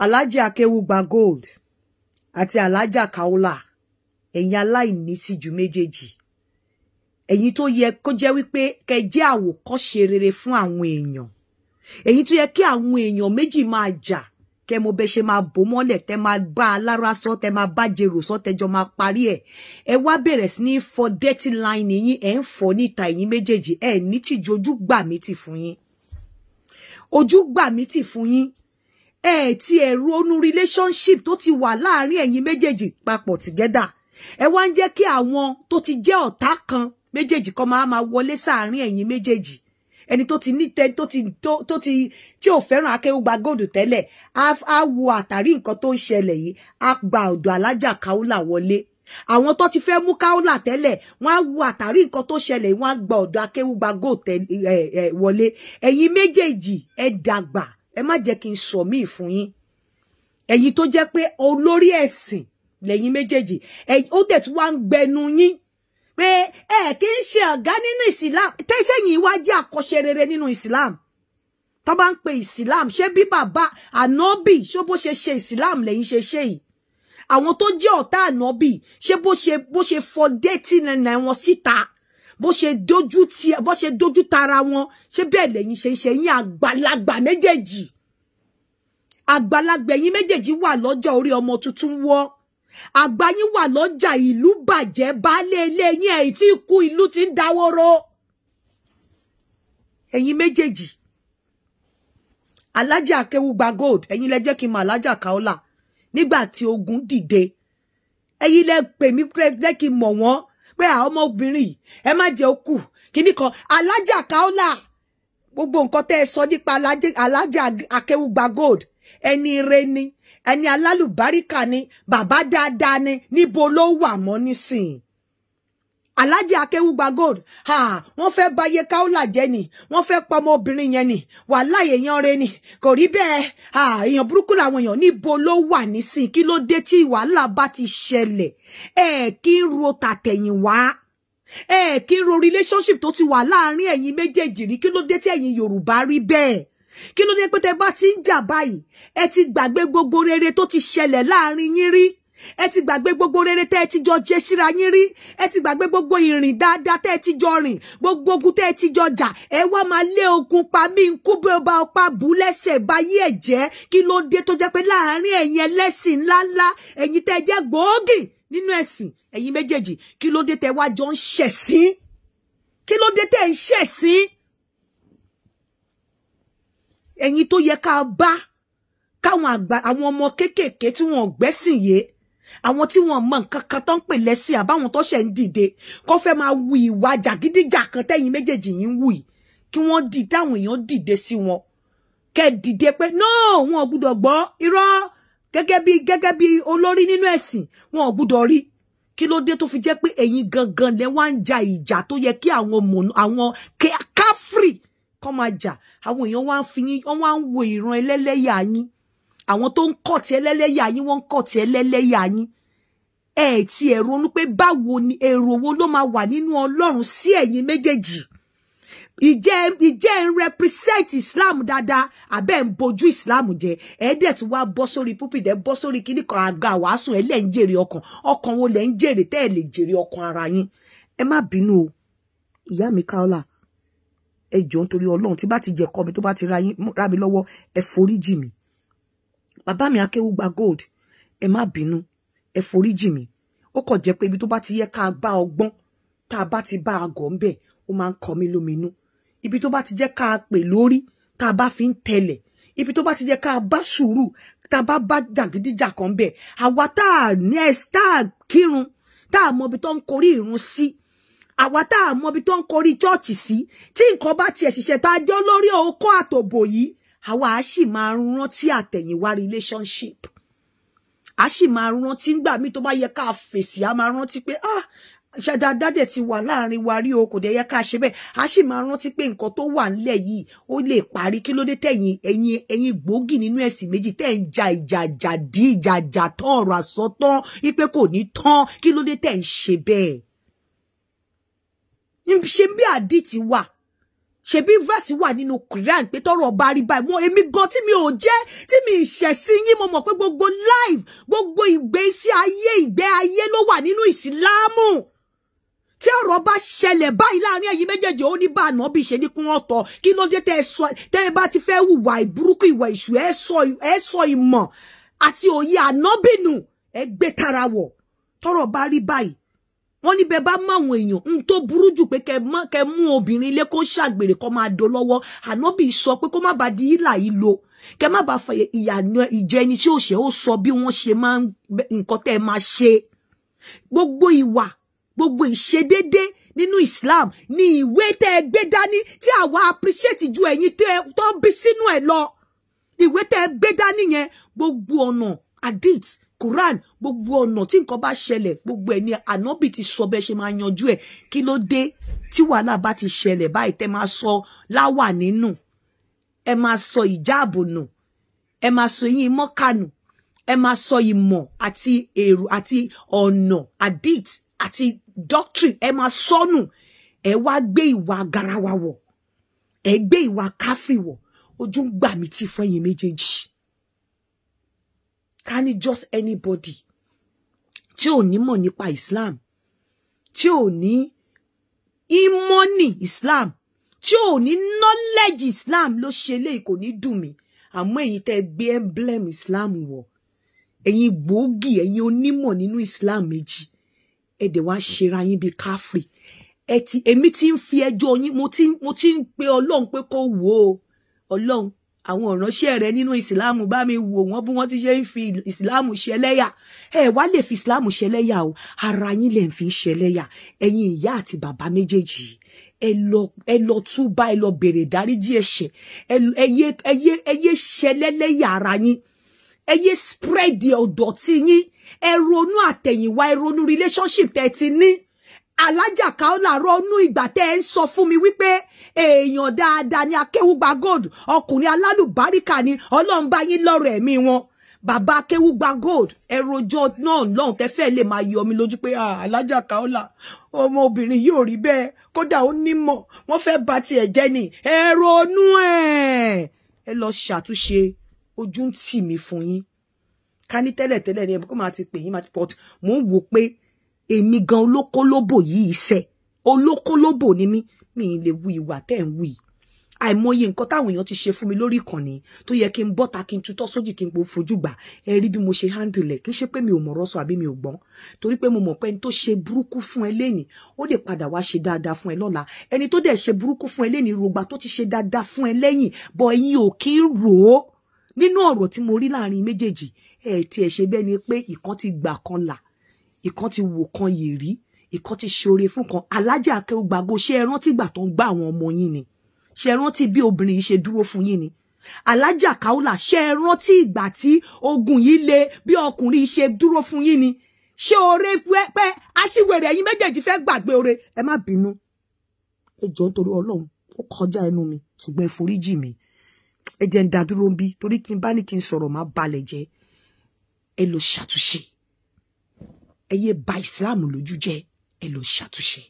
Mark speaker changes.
Speaker 1: alájà akéwùgbà gold àti alájà kaola ẹ̀yin aláìníṣíjú méjèèjì ẹ̀yin tó yẹ kó jẹ́ wípé kẹ́ jẹ́ àwòkọ́ṣe rere fún àwọn èèyàn èyí tó yẹ kí àwọn èèyàn méjì máa jà kẹ mo bẹ ṣe máa bò mọ́lẹ̀ tẹ máa bá alára sọ tẹ máa bá jèrò sọ tẹjọ máa parí ẹ̀ ẹ wá bẹ̀rẹ̀ sí ní fọ dẹ́tí line yín ẹ̀ ń fọ níta ẹ̀yin méjèèjì ẹ̀ ní tìjú ojú gbà mí tì fún yín ojú gbà mí tì fún yín ẹ ti ẹ̀rù onú relationship tó ti wà láàárín ẹ̀yin méjèèjì papọ̀ together ẹ wá ń jẹ́ kí àwọn tó ti jẹ́ ọ̀tá kan méjèèjì kan máa máa wọlé sáàárín ẹ̀yin méjèèjì ẹni tó ti ní tó ti tó ti tí ò fẹ́ràn akẹ́wọ́gba góòdù tẹ́lẹ̀ á wo àtàrí nǹkan tó ń ṣẹlẹ̀ yìí á gba ọ̀dọ̀ alájà káúlà wọlé àwọn tó ti fẹ́ mú káúlà tẹ́lẹ̀ wọ́n á wo àtàrí nǹkan tó ṣẹlẹ̀ yìí wọ́n á gba ọ̀dọ̀ akẹ́wọ́gba góòdù wọlé ẹ̀yin méjèèjì ẹ dàgbà ẹ má jẹ́ kí n sọ míì fún yín ẹ̀yin tó jẹ́ pé olórí ẹ̀sìn lẹ́yìn méjèèjì ó dẹ̀ tún wá ń gbẹnu yín pé ẹ kì í ṣe ọ̀gá nínú islam tẹ́sẹ̀yìn wá jẹ́ àkọ́ṣe rere nínú islam tó bá ń pe islam ṣé bí bàbá ànábì ṣó bó ṣe ṣe islam lẹ́yìn ṣe ṣe yìí àwọn tó jẹ́ ọ̀tá ànábì ṣé bó ṣe bó ṣe fọ déètì nìyẹn wọn síta bó ṣe dojú ti bó ṣe dojú tara wọn ṣé bẹ́ẹ̀ lẹ́yìn ṣe ṣe yín àgbàlagbà méjèèjì àgbàlagbà ẹ̀yin méjèèjì wà lọ́jà orí ọmọ tuntun wọ́ àgbà yín wà lọ́jà ìlú bàjẹ́ baálé ilé yín ẹ̀ tí kú ìlú ti ń dáwóró ẹ̀yin méjèèjì alájà akéwùgbà gold ẹ̀yin lẹ kí n mọ alájà kaola nígbà tí ogun dìde ẹ̀yin lẹ pè mí lẹ kí n mọ̀ wọ́n pé à ọmọbìnrin yìí ẹ má jẹ́ ó kù kíní kan alájà káólà gbogbo nǹkan tẹ́ ẹ sọ nípa alájà akéwùgbà gold ẹni ire ni ẹni alálùbáríkà ni bàbá dáadáa ni níbo ló wà mọ́ nísìnyí aláàjì akéwúgba gold wọ́n fẹ́ báyé káólà jẹ́ ni wọ́n fẹ́ pa ọmọbìnrin yẹn ni wàhálà èèyàn rẹ ni kò rí bẹ́ẹ̀ èèyàn burúkú làwọn èèyàn níbo ló wà nísìn kí ló dé tí wàhálà bá ti ṣẹlẹ̀ ẹ kí n ro tàtẹ̀yìnwá ẹ kí n ro relationship tó ti wà láàárín ẹ̀yin méjèèjì rí kí ló dé tí ẹ̀yin yorùbá rí bẹ́ẹ̀ kí ló dé pé tẹ bá ti ń jà báyìí ẹ ti gbàgbé gbogbo rere tó ti ṣẹlẹ̀ láàárín yín rí ẹ ti gbàgbé gbogbo rere tẹ́ ẹ ti jọ jẹ síra yín rí ẹ ti gbàgbé gbogbo ìrìn dáadáa tẹ́ ẹ ti jọ rìn gbogbo ogun tẹ́ ẹ ti jọ jà ẹ wá máa lé ogun pa mí nkú bí ọba ọpa bù lẹ́sẹ̀ báyé ẹ̀ jẹ́ kí ló dé tó jẹ́ pé láàárín ẹ̀yin ẹlẹ́sìn ńláńlá ẹ̀yin tẹ́ ẹ jẹ́ gbòógì nínú ẹ̀sìn ẹ̀yin méjèèjì kí ló dé tẹ́ wá jọ ń ṣẹ̀sín kí ló dé tẹ́ ń ṣẹ̀sín ẹ̀yin tó yẹ ká bá káwọn àgbà àwọn ọmọ kéékèèké tí wọn gbẹ́sìn yìí àwọn tí wọn mọ nǹkan kan tó ń pè lẹ́sìn àbáwọn tó ṣẹ̀ ń dìde kó fẹ́ máa wu ìwà jàgídíjà kan tẹ́yìn méjèèjì yìí ń wù yìí kí wọ́n di táwọn èèyàn dìde sí wọn kẹ́ dìde pé náà wọn ò gbúdọ̀ gbọ́ irọ́ gẹ́gẹ́ bí gẹ́gẹ́ bí olórí nínú ẹ̀sìn wọn ò gbúdọ̀ rí kí ló dé tó fi jẹ́ pé ẹ̀yin gangan lẹ wá ń ja ìjà tó yẹ kí àwọn mọ̀nà àwọn káfírì kọ́ máa jà àwọn èèyàn wá ń fi yín wọ́n wá ń wo ìran ẹlẹ́lẹ́yà yín àwọn tó ń kọ̀ tí ẹlẹ́lẹ́yà yín wọ́n ń kọ̀ tí ẹlẹ́lẹ́yà yín ẹ ti ẹ̀ ronú pé báwo ni èrò wo ló máa wà nínú ọlọ́run sí ẹ̀yin méjèèjì ìjẹ́ ìjẹ́ ń represent islam dáadáa àbẹ́ ń bojú islam jẹ ẹ̀ẹ́dẹ̀ tí wàá bọ́ sórí púpìdẹ̀ bọ́ sórí kíní kan àga wàásù ẹ̀ lẹ́ ń jèrè ọkàn ọkàn wo lẹ́ ń jèrè tẹ́ ẹ̀ lè jèrè ọkàn ara yín ẹ má bínú o ìyá mi káọ́là ẹ jọ̀ọ́ nítorí ọlọ́run tí bá ti jẹ̀kọ́ mi tó bá ti ra mi lọ́wọ́ ẹ foríjì mi bàbá mi Akéwùgbà Gold ẹ má bínú ẹ foríjì mi ó kàn jẹ́ pé ibi tó bá ti yẹ ká bá ọgbọ́n tá a bá ti bá àgọ́ ńbẹ̀ ó máa ń kọ mí lóminú ibi tó bá ti jẹ́ ká pè lórí tá a bá fi ń tẹlẹ̀ ibi tó bá ti jẹ́ ká bá sùúrù tá a bá bá jàgídíjà kan bẹ̀ àwa tá a ní ẹ̀sì tá a kírun tá a mọbi tó ń korí ìrun sí àwa tá a mọbi tó ń korí chọ́ọ̀chì sí tí nǹkan bá tiẹ̀ ṣiṣẹ́ tá a jẹ́ olórí òkó àtòbò yìí àwa á sì máa rántí àtẹ̀yìnwá relationship a sì máa rántí ńgbà míì tó bá yẹ ká fèsì a máa rántí pé ah ṣàdáadáa dẹ̀ ti wà láàrin wa rí o kò dẹ̀ yẹ ká ṣe bẹ́ẹ̀ a sì máa rántí pé nǹkan tó wà ńlẹ̀ yìí ó lè parí kí ló dé tẹ̀yìn ẹ̀yin ẹ̀yin gbòógì nínú ẹ̀sìn méjì tẹ̀ ń ja ìjà ìjà dí ìjà ìjà tán ọ̀rọ̀ àsọtán wípé kò ní tán kí ló dé tẹ̀ ń ṣe bẹ́ẹ̀ ṣe bí àdìtì wà ṣebí verse wà nínú Quran pé tọ́rọ̀ ọba rí báyìí mo èmi gan tí mi ò jẹ́ tí mi ìṣẹ̀sí yín mo mọ̀ pé gbogbo life gbogbo ìgbésí ayé ìgbé ayé ló wà nínú ìsìláàmù tí ọ̀rọ̀ bá ṣẹlẹ̀ báyìí láàrin ẹ̀yin méjèèjì ó ní bá ànábì ṣe ní kún ọ̀tọ̀ kí ló dé tẹ́ ẹ bá ti fẹ́ hùwà ìburúkú ìwà ìṣù ẹ sọ ìmọ̀ àti òye ànábìnú ẹ gbé tara wọ̀ tọ́rọ̀ bá rí báyìí wọ́n ní bẹ́ẹ̀ bá máwọn èèyàn ń tó burú jù pé kẹ́ mú obìnrin ilé kó ṣàgbèrè kó máa do lọ́wọ́ ànábì sọ pé kó má bàa di ìlà yìí lo kẹ́ má bàa fàyè ìyànà ìjẹ ẹni tí ó ṣe ó sọ bí wọ́n ṣe máa nǹkan tẹ́ ẹ máa ṣe gbogbo ìwà gbogbo ìṣedédé nínú Islam ni ìwé tẹ́ ẹ gbé dání tí àwa appreciate ju ẹ̀yin tó ń bí sínú ẹ̀ lọ ìwé tẹ́ ẹ gbé dání yẹn gbogbo ọ̀nà hadith Quran gbogbo ọ̀nà tí nǹkan bá ṣẹlẹ̀ gbogbo ẹ̀ ni ànábì ti sọ bẹ́ẹ̀ ṣe máa yanjú ẹ̀ kí ló dé tí wàhálà bá ti ṣẹlẹ̀ báyìí tẹ́ máa sọ láwà nínú ẹ máa sọ ìjáàbò nù ẹ máa sọ yín mọ́kànù ẹ máa sọ ìmọ̀ àti èrò àti ọ̀nà adit àti doctrine ẹ máa sọnù ẹ wá gbé ìwà garawa wọ̀ ẹ gbé ìwà káfírí wọ̀ ojú ń gbà mí tí fún méjèèjì. Can it just anybody tí ò ní mọ̀ nípa Islam tí ò ní ìmọ̀nì Islam tí ò ní knowledge Islam Lo ṣe léyìí kò ní dùn mí àmọ́ ẹ̀yin tẹ́ gbé emblem Islam wọ̀ ẹ̀yin gbòógì ẹ̀yin onímọ̀ nínú Islam méjì ẹ dẹ̀ wá ṣera yín bíi káfírí ẹ ti èmi ti ń fi ẹjọ́ yín mo ti mo ti pe Ọlọ́run pé kó wò ó àwọn ìránṣẹ́ rẹ nínú ìsìláàmù bá mi wò wọ́n bí wọ́n ti ṣe ń fi ìsìláàmù ṣẹlẹ́yà ẹ wá lè fi ìsìláàmù ṣẹlẹ́yà o ara yín lè fi ṣẹlẹ́yà ẹ̀yin ìyá àti bàbá méjèèjì yìí ẹ lọ ẹ lọ túbá ẹ lọ bèrè dáríjì ẹ̀ṣẹ̀ ẹ yé ẹ yé ẹ yé ṣẹlẹ́lẹ́yà ara yín ẹ yé spread ọ̀dọ̀tí yín ẹ ronú àtẹ̀yìnwá ẹ ronú relationship tẹ́ ti ní alájà Kaola ronú ìgbà tẹ́ ẹ ń sọ fún mi wípé èèyàn dáadáa ni akéwúgba gold ọkùnrin alálùbáríkà ni ọlọ́run bá yín lọ́rọ̀ ẹ̀mí wọn bàbá akéwúgba gold ẹrọjọ náà lọ́hùn tẹ́ fẹ́ lè máa yọ mi lójú pé ah, alájà Kaola ọmọbìnrin yóò rí bẹ́ẹ̀ kódà ó nímọ̀ wọ́n fẹ́ bà tiẹ̀ jẹ́ ni ẹ ronú ẹ̀ ẹ lọ ṣàtúnṣe ojú ń tì mí fún yín ká ní tẹ́lẹ̀tẹ́lẹ̀ ni ẹ̀ kó ti pè yín máa ti pọ̀ èmi gan olókólóbò yìí iṣẹ́ olókólóbò ni mí mi lè wu ìwà tẹ́ ń wù àìmọye nǹkan táwọn èèyàn ti ṣe fún mi lórí ìkànnì tó yẹ kí n bọ́ta kí n tutọ́ sójì kí n po fojú gbà ẹ rí bí mo ṣe handle ẹ̀ kí n ṣe pé mi ò mọ̀rọ̀ sọ àbí mi ò gbọ́n torí pé mo mọ̀ pé ẹni tó ṣe burúkú fún ẹ lẹ́nìí ó lè padà wá ṣe dáadáa fún ẹ lọ́la ẹni tó dẹ̀ ṣe burúkú fún ẹ lẹ́nìí rògbà tó ti ṣe dáadáa fún ẹ lẹ́yìn bọ̀ ẹ̀yin ò kí ń rò ó nínú ọ̀rọ̀ tí mo rí láàrin méjèèjì ẹ̀ tiẹ̀ ṣe bẹ́ẹ̀ ni pé ìkan ti gbà kan là ìkan ti wò kan yèrí ìkan ti ṣoore fún kan alájà akẹ́wògbàgo ṣé ẹ rántí ìgbà tó ń gbá àwọn ọmọ yín ni ṣé ẹ rántí bí obìnrin yìí ṣe dúró fún yín ni alájà Kaola ṣé ẹ rántí ìgbà tí ogun yìí le bí ọkùnrin yìí ṣe dúró fún yín ni ṣé oore pẹ́ aṣíwèrè ẹ̀yin méjèèjì fẹ́ gbàgbé oore ẹ má bínú ẹ jọ̀ọ́ nítorí Ọlọ́run ó kọjá ẹnu mi ṣùgbọ́n ẹ mi ẹ jẹ́ ń dá ń bí torí kí n bá ní kí n sọ̀rọ̀ má balẹ̀ jẹ́ ẹ lọ ṣàtúnṣe ẹ yé ba Islam lójú jẹ́ ẹ lọ ṣàtúnṣe.